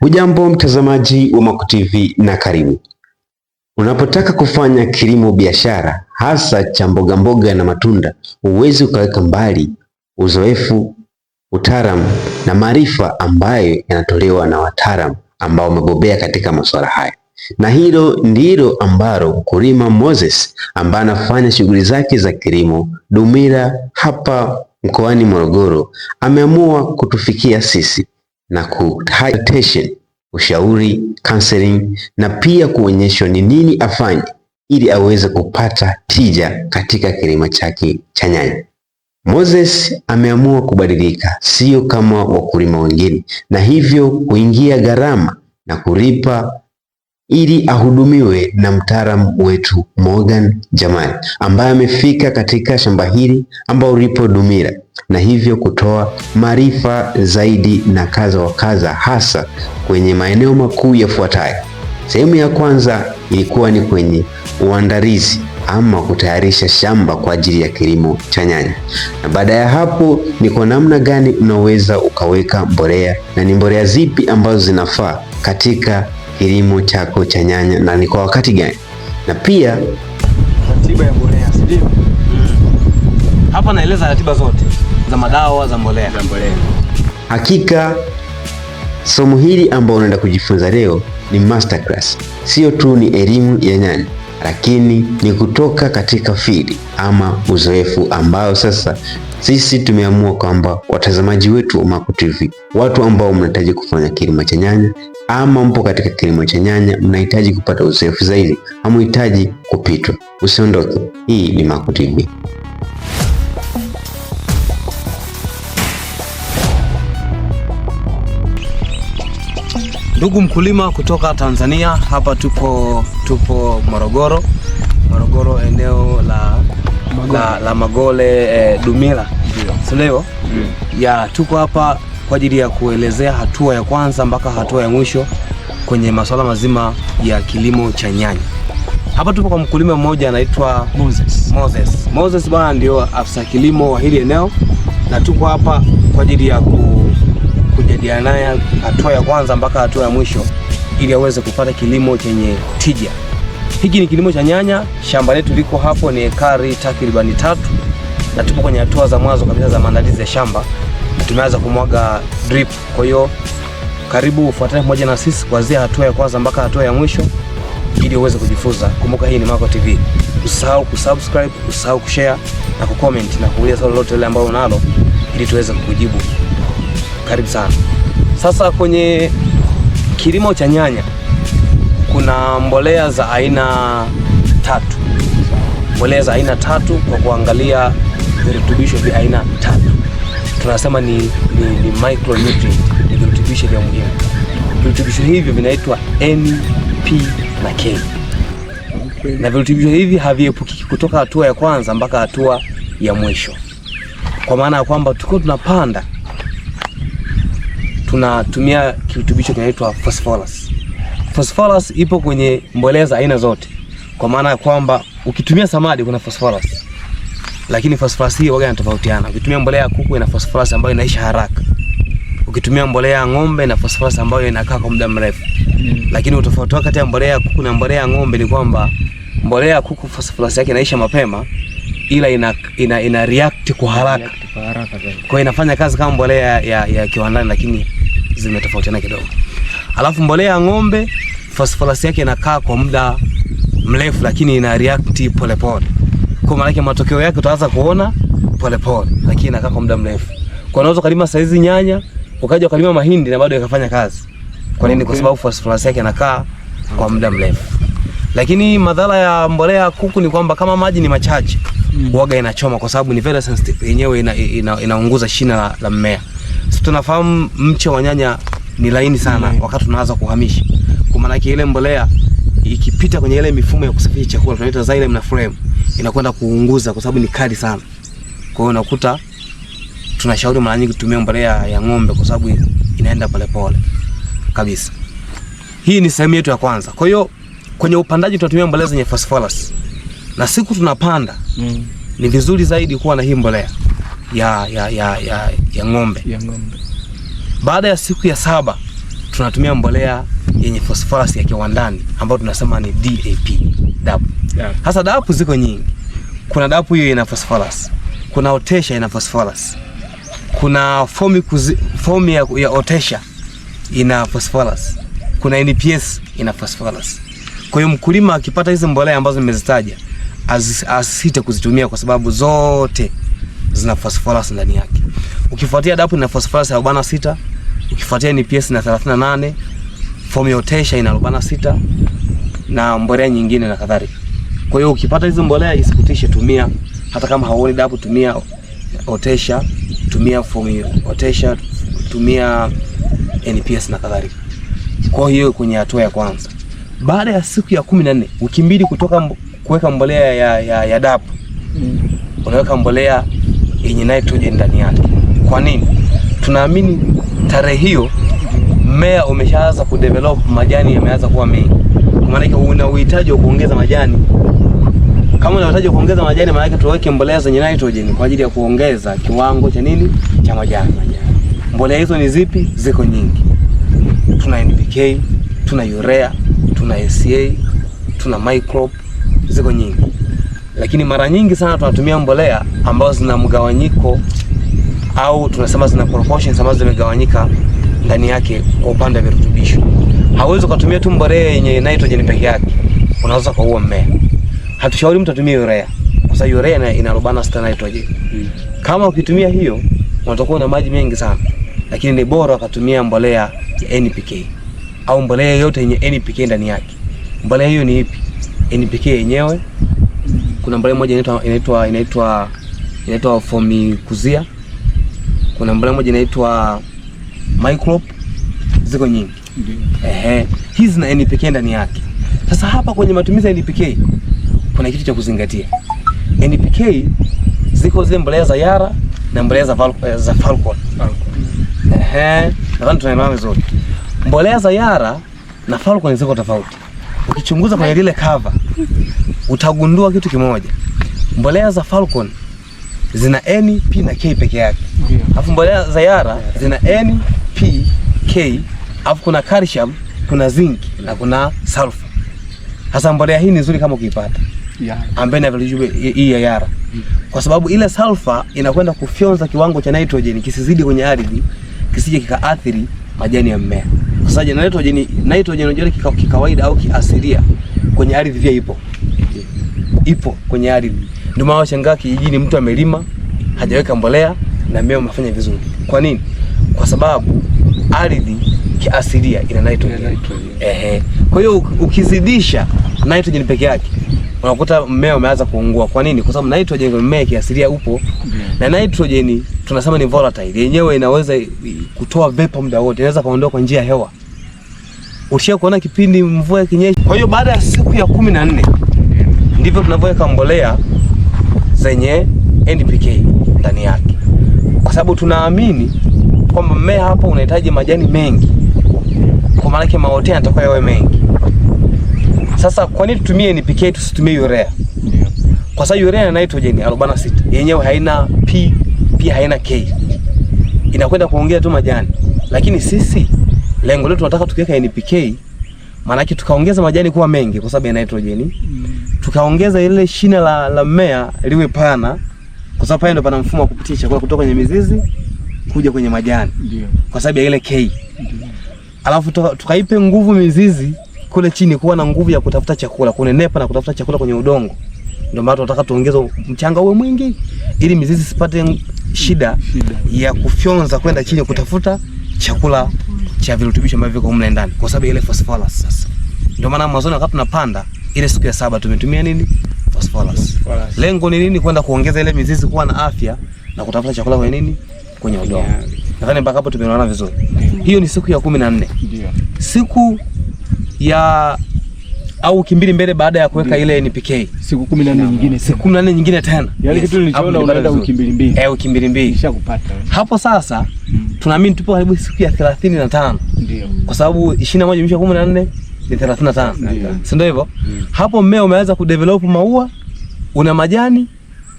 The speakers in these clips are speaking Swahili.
Hujambo mtazamaji wa Maco TV na karibu. Unapotaka kufanya kilimo biashara, hasa cha mboga mboga na matunda, huwezi ukaweka mbali uzoefu, utaalamu na maarifa ambayo yanatolewa na wataalamu ambao wamebobea katika masuala haya, na hilo ndilo ambalo mkulima Moses ambaye anafanya shughuli zake za kilimo Dumila hapa mkoani Morogoro ameamua kutufikia sisi na kutaja attention, ushauri counseling, na pia kuonyeshwa ni nini afanye ili aweze kupata tija katika kilimo chake cha nyanya. Moses ameamua kubadilika, sio kama wakulima wengine, na hivyo kuingia gharama na kulipa ili ahudumiwe na mtaalamu wetu Morgan Jamani ambaye amefika katika shamba hili ambao lipo dumira na hivyo kutoa maarifa zaidi na kaza wa kaza hasa kwenye maeneo makuu yafuatayo. Sehemu ya kwanza ilikuwa ni kwenye uandalizi ama kutayarisha shamba kwa ajili ya kilimo cha nyanya, na baada ya hapo ni kwa namna gani unaweza ukaweka mbolea na ni mbolea zipi ambazo zinafaa katika kilimo chako cha nyanya na ni kwa wakati gani, na pia ratiba ya mbolea, si ndio? Mm. Hapa naeleza ratiba zote za madawa za mbolea. Za mbolea. Hakika somo hili ambao unaenda kujifunza leo ni masterclass, sio tu ni elimu ya nyanya lakini ni kutoka katika fili ama uzoefu ambao sasa sisi tumeamua kwamba watazamaji wetu wa Maco TV, watu ambao mnahitaji kufanya kilimo cha nyanya ama mpo katika kilimo cha nyanya, mnahitaji kupata uzoefu zaidi, hamuhitaji kupitwa. Usiondoke, hii ni Maco TV. Ndugu mkulima kutoka Tanzania, hapa tupo tupo Morogoro, Morogoro eneo la Magole, la, la Magole eh, Dumila leo mm. ya tuko hapa kwa ajili ya kuelezea hatua ya kwanza mpaka hatua ya mwisho kwenye masuala mazima ya kilimo cha nyanya. Hapa tupo kwa mkulima mmoja anaitwa Moses. Moses, Moses bwana ndio afisa kilimo wa hili eneo na tuko hapa kwa ajili ya ku kujadiliana naye hatua ya kwanza mpaka hatua ya mwisho ili aweze kupata kilimo chenye tija. Hiki ni kilimo cha nyanya. Shamba letu liko hapo, ni ekari takribani tatu, na tupo kwenye hatua za mwanzo kabisa za maandalizi ya shamba tumeanza kumwaga drip. Kwa hiyo karibu ufuatane pamoja na sisi kuanzia hatua ya kwanza mpaka hatua ya mwisho ili uweze kujifunza. Kumbuka hii ni Maco TV, usahau kusubscribe, usahau kushare na kucomment na kuuliza swali lolote lile ambalo unalo ili tuweze kukujibu karibu sana. Sasa kwenye kilimo cha nyanya kuna mbolea za aina tatu, mbolea za aina tatu kwa kuangalia virutubisho vya aina tatu. Tunasema ni, ni, ni micronutrient, ni virutubisho vya muhimu. Virutubisho hivyo vinaitwa N, P na K Na virutubisho hivi haviepukiki kutoka hatua ya kwanza mpaka hatua ya mwisho, kwa maana ya kwamba tuko tunapanda tunatumia kirutubisho kinaitwa phosphorus. Phosphorus ipo kwenye mbolea za aina zote, kwa maana ya kwamba ukitumia samadi kuna phosphorus, lakini phosphorus hii waga inatofautiana. Ukitumia mbolea ya kuku ina phosphorus ambayo inaisha haraka, ukitumia mbolea ya ng'ombe ina phosphorus ambayo inakaa kwa muda mrefu. Lakini utofauti wa kati ya mbolea ya kuku na mbolea ya ng'ombe ni kwamba mbolea ya kuku phosphorus yake inaisha mapema ila ina, ina, ina react kwa haraka, kwa hiyo inafanya kazi kama mbolea ya, ya, ya kiwandani lakini zimetofautiana kidogo. Alafu mbolea ya ng'ombe phosphorus yake inakaa kwa muda mrefu, lakini ina react polepole. Kwa maana yake matokeo yake utaanza kuona polepole, lakini inakaa kwa muda mrefu. Kwa unaweza kulima saizi nyanya, ukaja ukalima mahindi na bado yakafanya kazi. Kwa nini? Kwa sababu phosphorus yake inakaa kwa muda mrefu. Lakini madhara ya mbolea ya kuku ni kwamba kama maji ni machache, mm, waga inachoma kwa sababu ni very sensitive yenyewe inaunguza ina, ina shina la, la mmea tunafahamu mche wa nyanya ni laini sana mm. Wakati tunaanza kuhamisha, kwa maana ile mbolea ikipita kwenye ile mifumo ya kusafisha chakula tunaita xylem na phloem inakwenda kuunguza kwa sababu ni kali sana. Kwa hiyo unakuta tunashauri mara nyingi tumie mbolea ya ng'ombe kwa sababu inaenda polepole kabisa. Hii ni sehemu yetu ya kwanza. Kwa hiyo kwenye upandaji tunatumia mbolea zenye phosphorus. Na siku tunapanda mm. ni vizuri zaidi kuwa na hii mbolea ya, ya, ya, ya, ya ng'ombe. Ya ng'ombe. Baada ya siku ya saba tunatumia mbolea yenye phosphorus ya kiwandani ambayo tunasema ni DAP, DAP. Sasa yeah. DAP ziko nyingi. Kuna DAP hiyo ina phosphorus. Kuna otesha ina phosphorus. Kuna fomi kuzi, fomi ya, ya otesha ina phosphorus. Kuna NPS ina phosphorus. Kwa hiyo mkulima akipata hizi mbolea ambazo nimezitaja asisite kuzitumia kwa sababu zote zina phosphorus ndani yake. Ukifuatia DAP ina phosphorus ya 46, ukifuatia NPS na 38, Formiotesha ina 46 na mbolea nyingine na kadhalika. Kwa hiyo ukipata hizo mbolea isikutishe, tumia hata kama hauoni DAP, tumia otesha, tumia formiotesha, tumia NPS na kadhalika. Kwa hiyo kwenye hatua ya kwanza, baada ya siku ya 14, na wiki mbili kutoka kuweka mbolea ya, ya, ya DAP mm. unaweka mbolea yenye naye tuje ndani yake. Kwa nini? Tunaamini tarehe hiyo mmea umeshaanza kudevelop, majani yameanza kuwa mengi, kwa maana una uhitaji wa kuongeza majani. Kama una uhitaji wa kuongeza majani, maana tuweke mbolea zenye nitrogen kwa ajili ya kuongeza kiwango cha nini cha majani. Mbolea hizo ni zipi? Ziko nyingi, tuna NPK, tuna urea, tuna SA, tuna microbe, ziko nyingi lakini mara nyingi sana tunatumia mbolea ambazo zina mgawanyiko au tunasema zina proportions ambazo zimegawanyika ndani yake kwa upande wa virutubisho. Hauwezi kutumia tu mbolea yenye nitrogen peke yake, unaweza kuua mmea. Hatushauri mtu atumie urea kwa sababu urea ina na nitrogen. Hmm. Kama ukitumia hiyo unatakuwa na maji mengi sana, lakini ni bora ukatumia mbolea ya NPK au mbolea yoyote yenye NPK ndani yake. Mbolea hiyo ni ipi? NPK yenyewe kuna mbolea moja inaitwa inaitwa inaitwa inaitwa formikuzia, kuna mbolea moja inaitwa microp, ziko nyingi ehe, hizi na NPK ndani yake. Sasa hapa kwenye matumizi ya NPK kuna kitu cha kuzingatia. NPK ziko zile mbolea za Yara na mbolea eh, za Falcon, za Falcon. Ehe, nadhani tunaelewana vizuri. Mbolea za Yara na Falcon ziko tofauti. Ukichunguza kwenye lile cover utagundua kitu kimoja, mbolea za Falcon zina N, P na K peke yake, alafu mbolea za Yara zina N, P, K, alafu kuna calcium, kuna zinc na kuna sulfur. Hasa mbolea hii ni nzuri kama ukiipata ambaye na virutubisho hii ya Yara, kwa sababu ile sulfur inakwenda kufyonza kiwango cha nitrogen kisizidi kwenye ardhi, kisije kikaathiri majani ya mmea. Kwa sababu nitrogen nitrogen kikawaida au kiasilia kwenye ardhi pia ipo, ipo kwenye ardhi. Ndio maana washangaa kijijini, mtu amelima hajaweka mbolea na mmea umefanya vizuri. Kwa nini? Kwa sababu ardhi kiasilia ina nitrogen. Ehe, kwa hiyo ukizidisha nitrogen peke yake unakuta mmea umeanza kuungua. Kwa nini? Kwa sababu nitrogen kwenye mmea kiasilia upo na nitrogen tunasema ni volatile, yenyewe inaweza kutoa vapor muda wote, inaweza kaondoka kwa njia ya hewa Ushia kuona kipindi mvua ikinyesha. Kwa hiyo baada ya siku ya kumi na nne ndivyo tunavyoweka mbolea zenye NPK ndani yake, kwa sababu tunaamini kwamba mmea hapo unahitaji majani mengi, kwa maana yake maote yanatakiwa yawe mengi. Sasa kwa nini tutumie NPK tusitumie urea? Kwa sababu urea na nitrogen 46 yenyewe haina P pia haina K, inakwenda kuongea tu majani, lakini sisi Lengo letu tunataka tukiweka NPK, maana yake tukaongeza majani kuwa mengi kwa sababu ya nitrogen. Tukaongeza ile shina la, la mmea liwe pana kwa sababu pale ndo pana mfumo wa kupitisha chakula kutoka kwenye mizizi kuja kwenye majani. Ndio. Kwa sababu ya ile K. Alafu tukaipe nguvu mizizi kule chini kuwa na nguvu ya kutafuta chakula, kunenepa na kutafuta chakula kwenye udongo. Ndio maana tunataka tuongeze mchanga uwe mwingi ili mizizi sipate shida, shida ya kufyonza kwenda chini kutafuta chakula cha virutubisho ambavyo viko mle ndani, kwa sababu ile phosphorus. Sasa ndio maana Amazon wakati tunapanda ile siku ya saba tumetumia nini? Phosphorus. Lengo ni nini? Kwenda kuongeza ile mizizi kuwa na afya na kutafuta chakula kwenye nini, kwenye udongo. Nadhani mpaka hapo tumeona vizuri. Mm. Hiyo ni siku ya 14. Ndio. Siku ya au wiki mbili mbele baada ya kuweka ile NPK, siku 14 nyingine, siku 14 nyingine tena, yale yaani kitu nilichoona unaenda wiki mbili mbili, eh, wiki mbili mbili kupata. hapo sasa. hmm tunaamini tupo karibu siku ya 35 ndio, kwa sababu 21 jumlisha 14 ni 35, si ndio? Hivyo hapo mmea umeanza kudevelop maua, una majani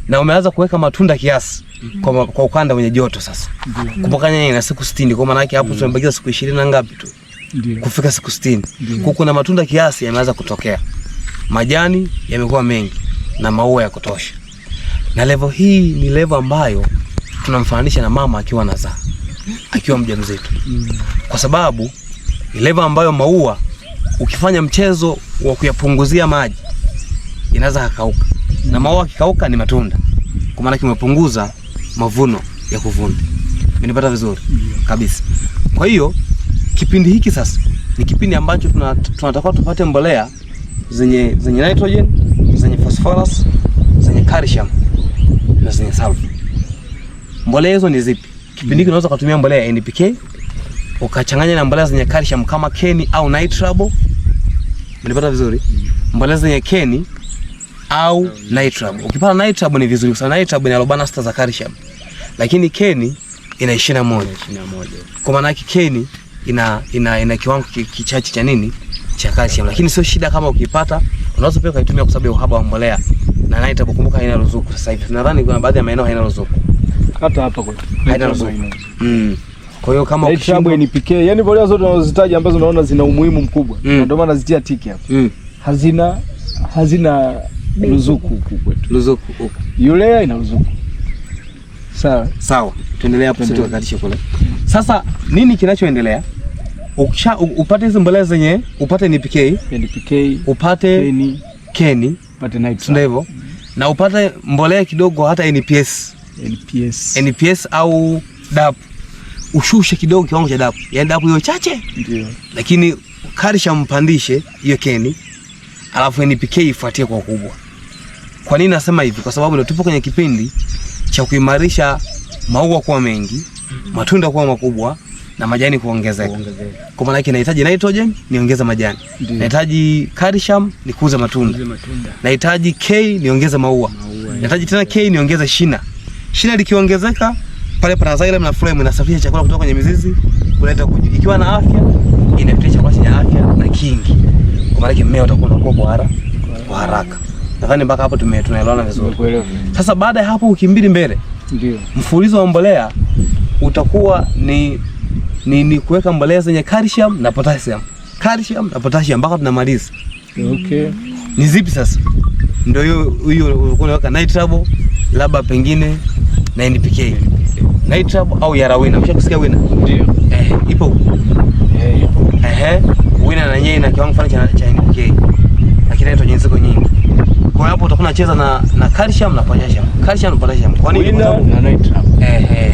na umeanza kuweka matunda kiasi kwa, kwa ukanda wenye joto sasa. Kumbuka nyanya ina siku 60, kwa maana yake hapo tumebakiza siku 20 na ngapi tu kufika siku 60. Huko na matunda kiasi yameanza kutokea, majani yamekuwa mengi na maua ya kutosha, na level hii ni level ambayo tunamfananisha na mama akiwa anazaa akiwa mjamzito, kwa sababu leva ambayo maua ukifanya mchezo wa kuyapunguzia maji inaweza hakauka, na maua akikauka ni matunda, kwa maana kimepunguza mavuno ya kuvuna. Umenipata vizuri kabisa. Kwa hiyo kipindi hiki sasa ni kipindi ambacho tunatakiwa tupate mbolea zenye zenye nitrogen, zenye phosphorus, zenye calcium na zenye sulfur. Mbolea hizo ni zipi? Kipindi hiki unaweza kutumia mbolea ya NPK ukachanganya na mbolea zenye calcium kama keni au nitrabo. Mlipata vizuri? Mm. Mbolea zenye keni au nitrabo. Ukipata nitrabo ni vizuri sana. Nitrabo ni arobaini na sita za calcium. Lakini keni ina 21. 21. Kwa maana yake keni ina ina, ina kiwango kichache cha nini? Cha calcium. Lakini sio shida kama ukipata, unaweza pia kutumia kwa sababu ya uhaba wa mbolea. Na nitrabo kumbuka haina ruzuku sasa hivi. Nadhani kuna baadhi ya maeneo haina ruzuku hata hapa kwetu haina ruzuku. Mm. Kwa hiyo kama ukishindwa ni pekee, yani mbolea zote unazozitaja ambazo unaona zina umuhimu mkubwa, mm. ndio maana zitia tiki hapa. Mm. Hazina hazina ruzuku huku kwetu. Ruzuku huku. Yulea ina ruzuku. Sawa. Sawa. Tuendelee hapo sisi tukakatishe kule. Sasa nini kinachoendelea? Ukisha upate hizo mbolea zenye, upate ni ni NPK, upate keni, keni, upate nitrate. Ndio hivyo. Mm. Na upate mbolea kidogo hata NPS. NPS, NPS au DAP, ushushe kidogo kiwango cha DAP, yaani DAP hiyo chache ndio, lakini karisha mpandishe hiyo keni, alafu NPK ifuatie kwa ukubwa. Kwa nini nasema hivi? Kwa sababu ndio tupo kwenye kipindi cha kuimarisha maua kuwa mengi, matunda kuwa makubwa na majani kuongezeka. Kwa maana yake nahitaji nitrogen niongeze majani. Nahitaji calcium nikuze matunda. Nahitaji K niongeze maua. Nahitaji tena K niongeze shina. Shina likiongezeka pale pana xylem na phloem inasafirisha chakula kutoka kwenye mizizi kuleta kuju. Ikiwa na afya inapitisha chakula chenye afya na kingi. Kwa maana mmea utakuwa unakuwa kwa haraka. Kwa haraka. Nadhani mpaka hapo tume tunaelewana vizuri. Sasa baada ya hapo wiki mbili mbele. Ndio. Mfululizo wa mbolea utakuwa ni ni, ni kuweka mbolea zenye calcium na potassium. Calcium na potassium mpaka tunamaliza. Okay. Ni zipi sasa? Ndio hiyo hiyo unaweka nitrate labda pengine na NPK Nitrab au Yarawina. Umeshakusikia Wina? Ndio. Eh, ipo. Eh, ipo. Eh, Wina na yeye na kiwango fulani cha cha NPK. Lakini inaitwa jinsi nyingi. Kwa hiyo hapo utakuwa unacheza na na calcium na potassium. Calcium na potassium. Kwa nini? Wina na Nitrab. Eh, eh.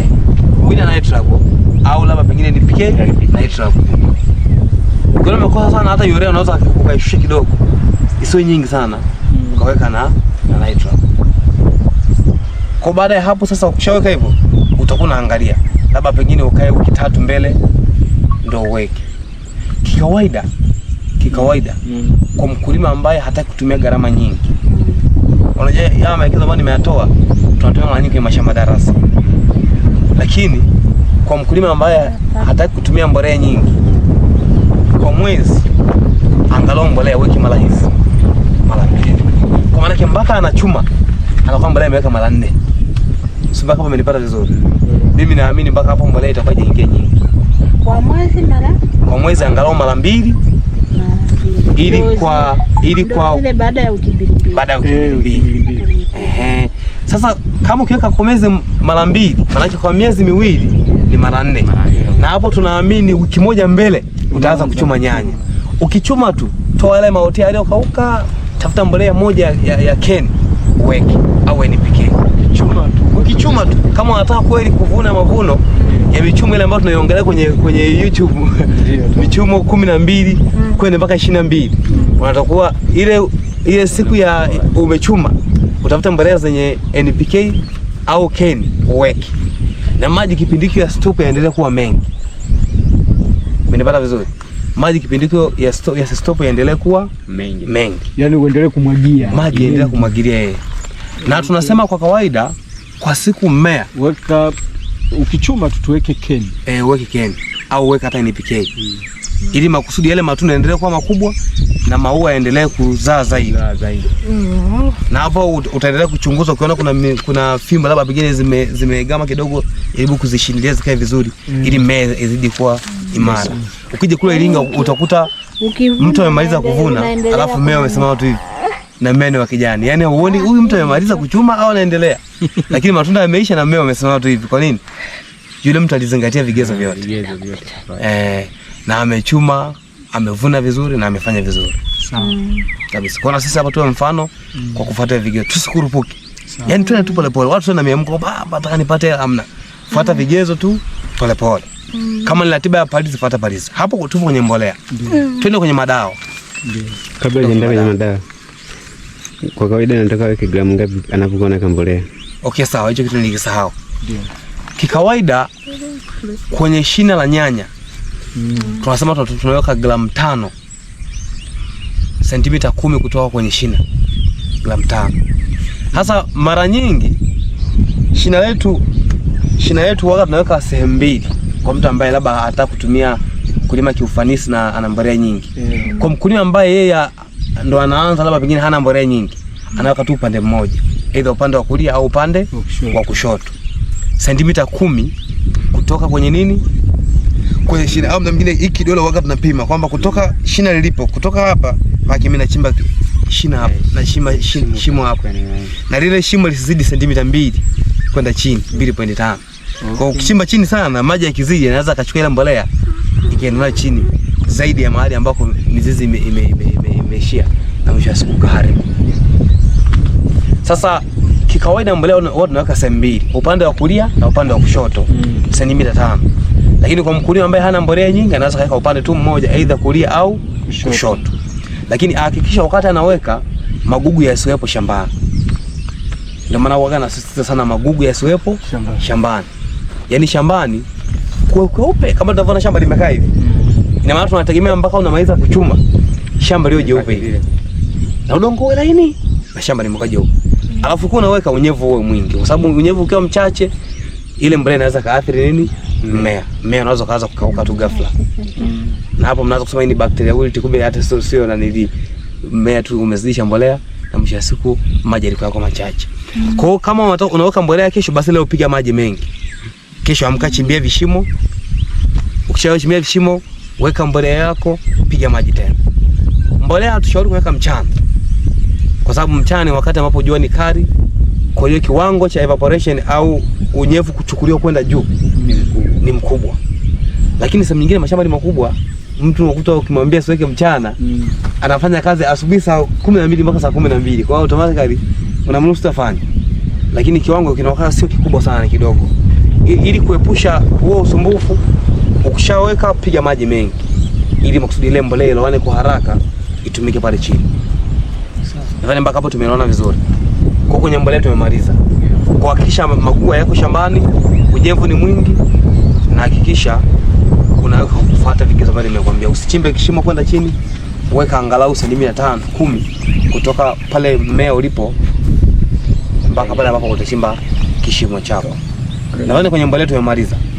Wina na Nitrab au labda pengine NPK Nitrab. Kwa hiyo umekosa sana hata urea unaweza ukaishusha kidogo. Isiwe nyingi sana. Mm. Ukaweka na na Nitrab. Kwa baada ya hapo sasa, ukishaweka hivyo utakuwa unaangalia labda pengine ukae wiki tatu mbele ndio uweke kikawaida. Kikawaida mm. kwa mkulima ambaye hataki kutumia gharama nyingi, unajua ya maekezo ambayo nimeyatoa tunatumia mara nyingi kwenye mashamba darasa, lakini kwa mkulima ambaye hataki kutumia mbolea nyingi, kwa mwezi angalau mbolea weki mara hizi mara mbili, kwa maana mpaka anachuma anakuwa mbolea ameweka mara nne si hapo amenipata vizuri? Mimi naamini mpaka hapo mbolea itakuwa nyingi nyingi kwa mwezi mara kwa mwezi angalau mara mbili ili kwa ili kwa baada ya wiki mbili baada ya wiki mbili eh. Sasa kama ukiweka kwa mwezi mara mbili, maana kwa miezi miwili ni mara nne, na hapo tunaamini wiki moja mbele utaanza kuchuma nyanya. Ukichuma tu toa yale maote yaliyokauka, tafuta mbolea moja ya, ya, ya ken uweke au NPK, chuma tu ukichuma tu, kama unataka kweli kuvuna mavuno ya michumo ile ambayo tunaiongelea kwenye kwenye YouTube michumo kumi na mbili mm. kwenda mpaka ishirini na mbili unatakuwa ile ile siku ya umechuma utafuta mbolea zenye NPK au KEN uweke na maji kipindikio ya stope yaendelee kuwa mengi. Umenipata vizuri? Maji kipindikio ya stope ya stope yaendelee kuwa mengi mengi, yani uendelee kumwagia maji, yaendelee kumwagilia yeye, na tunasema kwa kawaida kwa siku mmea? Weka ukichuma tu tuweke keni. Eh, weke keni au weka hata NPK mm. ili makusudi yale matunda yaendelee kuwa makubwa na maua yaendelee kuzaa zaidi zaidi mm. na hapo utaendelea kuchunguza, ukiona kuna, kuna fimbo labda pengine zime, zimegama kidogo, jaribu kuzishindilia zikae vizuri mm. ili mmea izidi kuwa hmm. imara. Ukija kule Iringa hmm. utakuta mtu amemaliza kuvuna alafu mmea umesimama tu hivi na mmea ni wa kijani, yaani huoni huyu mtu amemaliza kuchuma au anaendelea lakini matunda yameisha na mmea umesimama tu hivi. Kwa nini? Yule mtu alizingatia vigezo ah, vyote eh, na amechuma, amevuna vizuri na amefanya vizuri sawa mm. kabisa. Kwa sisi hapa tuwe mfano mm. kwa kufuata vigezo, tusikurupuki. Yani tuende tu polepole, watu tuna miamko baba, nataka nipate amna, fuata mm. vigezo tu polepole mm. kama ni ratiba ya palizi, fuata palizi. Hapo tupo kwenye mbolea mm. twende kwenye madawa kabla ya kwenda kwenye madawa. Kwa kawaida nataka weke gramu ngapi anapokuwa na kambolea Okay, sawa, hicho kitu nilikisahau. Ndio. Kikawaida kwenye shina la nyanya mm. tunasema tunaweka gramu tano sentimita kumi kutoka kwenye shina, gramu tano. Sasa mara nyingi shina letu shina letu waga tunaweka sehemu mbili, kwa mtu ambaye labda hata kutumia kulima kiufanisi na ana mbolea nyingi mm. kwa mkulima ambaye yeye ndo anaanza labda pengine hana mbolea nyingi, mm. anaweka tu upande mmoja mm aidha upande wa kulia au upande wa kushoto, sentimita kumi kutoka kwenye nini, kwenye shina au mwingine. Hiki kidole waga tunapima kwamba kutoka shina lilipo, kutoka hapa maki mimi nachimba shina hapa eh, na shima shimo hapa, na lile shimo lisizidi sentimita mbili kwenda chini, 2.5. Kwa ukichimba chini sana, maji yakizidi yanaweza akachukua ile mbolea ikiendelea chini zaidi ya mahali ambako mizizi imeishia ime, ime, ime na mwisho wa siku kaharibu sasa kikawaida mbolea huwa tunaweka sehemu mbili, upande wa kulia na upande wa kushoto mm. sentimita tano, lakini kwa mkulima ambaye hana mbolea nyingi anaweza kaweka upande tu mmoja, aidha kulia au kushoto, kushoto. Lakini ahakikisha wakati anaweka magugu yasiwepo shambani. Ndio maana huwa anasisitiza sana magugu yasiwepo shambani, shambani. Yaani shambani kwa kweupe kama tunavyoona shamba limekaa hivi mm. ina maana tunategemea mpaka unamaliza kuchuma shamba liwe jeupe na udongo laini na shamba limekaa jeupe. Alafu kuna weka unyevu uwe mwingi kwa sababu unyevu ukiwa mchache ile mbolea inaweza kaathiri nini? Mmea. Mmea unaweza kaanza kukauka tu ghafla. Na hapo mnaanza kusema ni bacteria wilt, kumbe hata sio sio na nili mmea tu umezidisha mbolea na mwisho wa siku maji yalikuwa yako machache. Kwa hiyo kama unataka unaweka mbolea kesho, basi leo piga maji mengi. Kesho amka, chimbia vishimo. Ukishachimbia vishimo, weka mbolea yako, piga maji tena. Mbolea tushauri kuweka mchana kwa sababu mchana wakati ambapo jua ni kali, kwa hiyo kiwango cha evaporation au unyevu kuchukuliwa kwenda juu ni mkubwa, lakini sehemu nyingine mashamba ni makubwa mtu unakuta ukimwambia siweke mchana mm. anafanya kazi asubuhi saa kumi na mbili mpaka saa kumi na mbili kwa hiyo automatically unamruhusu tafanya, lakini kiwango kinaonekana sio kikubwa sana, ni kidogo, ili kuepusha huo usumbufu. Ukishaweka piga maji mengi, ili makusudi ile mbolea ilowane yaani kwa haraka itumike pale chini. Nadhani mpaka hapo tumeona vizuri. Kwa kwenye mbolea tumemaliza. Kwa kuhakikisha magugu yako shambani, ujevu ni mwingi na hakikisha unaweka kufuata vigezo vile nimekuambia. Usichimbe kishimo kwenda chini, weka angalau 5% 10 kutoka pale mmea ulipo mpaka pale ambapo utachimba kishimo chako. Nadhani kwenye mbolea tumemaliza.